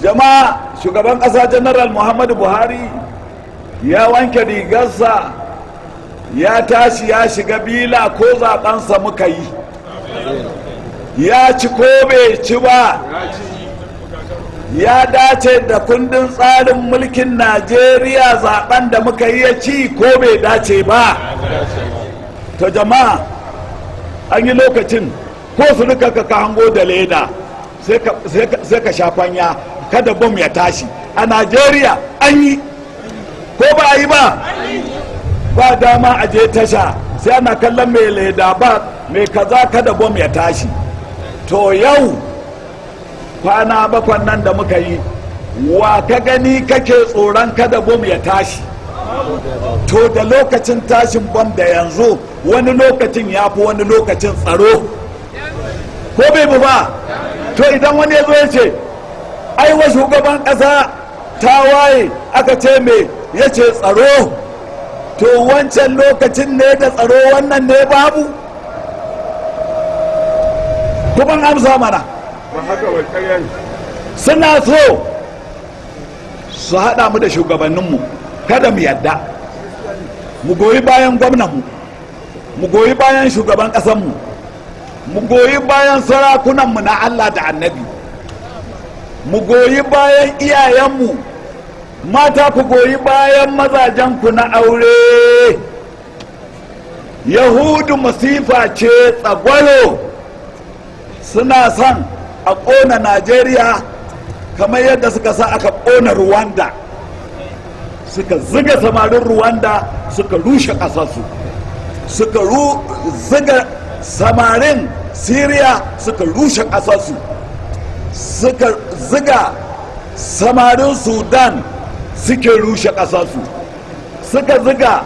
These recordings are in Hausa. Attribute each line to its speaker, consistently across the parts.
Speaker 1: jama'a shugaban ƙasa janaral muhammadu buhari ya wanke rigarsa ya tashi ya shiga bila ko zaɓensa muka yi ya ci ko bai ci ba ya dace da kundin tsarin mulkin najeriya zaɓen da muka yi ya ci ko bai dace ba ta jama'a an yi lokacin ko su ka hango da leda sai ka shafanya kada bom ya tashi a najeriya an yi ko ba a yi ba ba dama a je tasha sai ana kallon mai leda ba mai kaza kada bom ya tashi to yau kwana bakwan nan da muka yi wa ka gani kake tsoron kada bom ya tashi to da lokacin tashin bom da yanzu wani lokacin ya fi wani lokacin tsaro ko bai bu ba to idan wani ya zo ya ce kuma shugaban ƙasa ta waye aka ce me ya ce tsaro to wancan lokacin ne da tsaro wannan ne babu tuban amsa mana suna so su haɗa mu da shugabanninmu kada mu yadda mu goyi bayan gwamnanmu mu goyi bayan shugaban ƙasanmu mu goyi bayan sarakunanmu na allah da annabi mu goyi bayan iyayenmu mata ku goyi bayan mazajenku na aure yahudu masifa ce tsagwalo suna son a ƙona najeriya kamar yadda suka sa aka ƙona ruwanda suka ziga samarin ruwanda suka rushe ƙasarsu suka ziga samarin siriya suka rushe ƙasarsu suka ziga samarin sudan suke rushe ƙasarsu suka zuga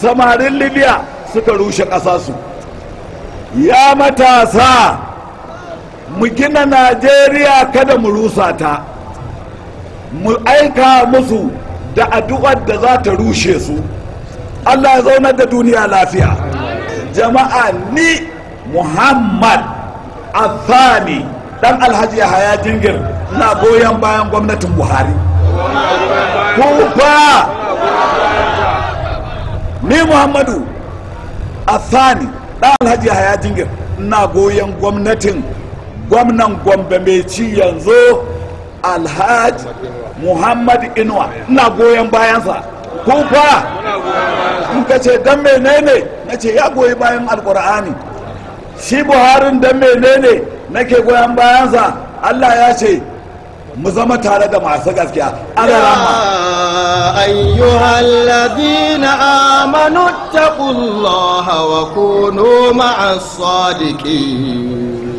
Speaker 1: samarin libya suka rushe ƙasarsu ya matasa mu gina najeriya kada mu rusa ta mu aika musu da addu'ar da za ta rushe su allah ya zaunar da duniya lafiya jama'a ni muhammad athani dan alhaji ya haya jingir na goyon bayan gwamnatin buhari ba ni muhammadu athani dan alhaji ya haya jingir na goyon gwamnatin gwamnan gombe mai ci yanzu alhaji muhammadu inuwa na goyon bayansa kufa kuka ce dan menene na ce ya goyi bayan alkur'ani shi buharin dan menene nake goyon bayansa Allah ya ce mu zama tare da masu gaskiya ana rama ayyuhal ladina amanu taqullaha wa kunu ma'as sadiqin